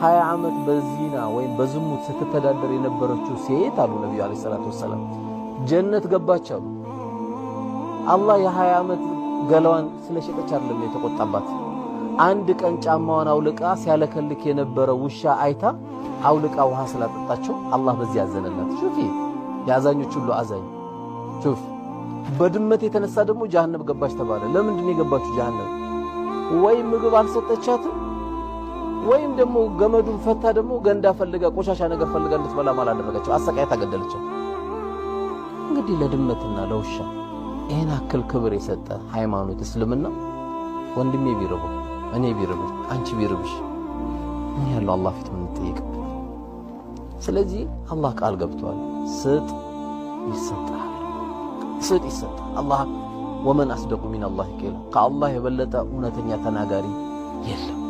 ሀያ ዓመት በዚና ወይም በዝሙት ስትተዳደር የነበረችው ሴት አሉ ነቢዩ ዓለይሂ ሰላቱ ወሰላም ጀነት ገባች አሉ። አላህ የሀያ ዓመት ገላዋን ስለሸጠች አይደለም የተቆጣባት። አንድ ቀን ጫማዋን አውልቃ ሲያለከልክ የነበረ ውሻ አይታ አውልቃ ውሃ ስላጠጣቸው አላህ በዚህ አዘነላት። ሹፊ የአዛኞች ሁሉ አዛኝ ሹፍ። በድመት የተነሳ ደግሞ ጀሃነም ገባች ተባለ። ለምንድን የገባችሁ ጀሃነም? ወይም ምግብ አልሰጠቻትም ወይም ደግሞ ገመዱን ፈታ ደግሞ ገንዳ ፈልጋ ቆሻሻ ነገር ፈልጋ እንድትበላ አደረገችው፣ አሰቃየት አገደለችው። እንግዲህ ለድመትና ለውሻ ይህን አክል ክብር የሰጠ ሃይማኖት እስልምና ወንድሜ ቢርቡ እኔ ቢርብ አንቺ ቢርብሽ ምን ያለው አላህ ፊት የምንጠይቅበት። ስለዚህ አላህ ቃል ገብቷል። ስጥ ይሰጣል፣ ስጥ ይሰጣል። አላህ ወመን አስደቁ ሚን አላህ ከአላህ የበለጠ እውነተኛ ተናጋሪ የለም።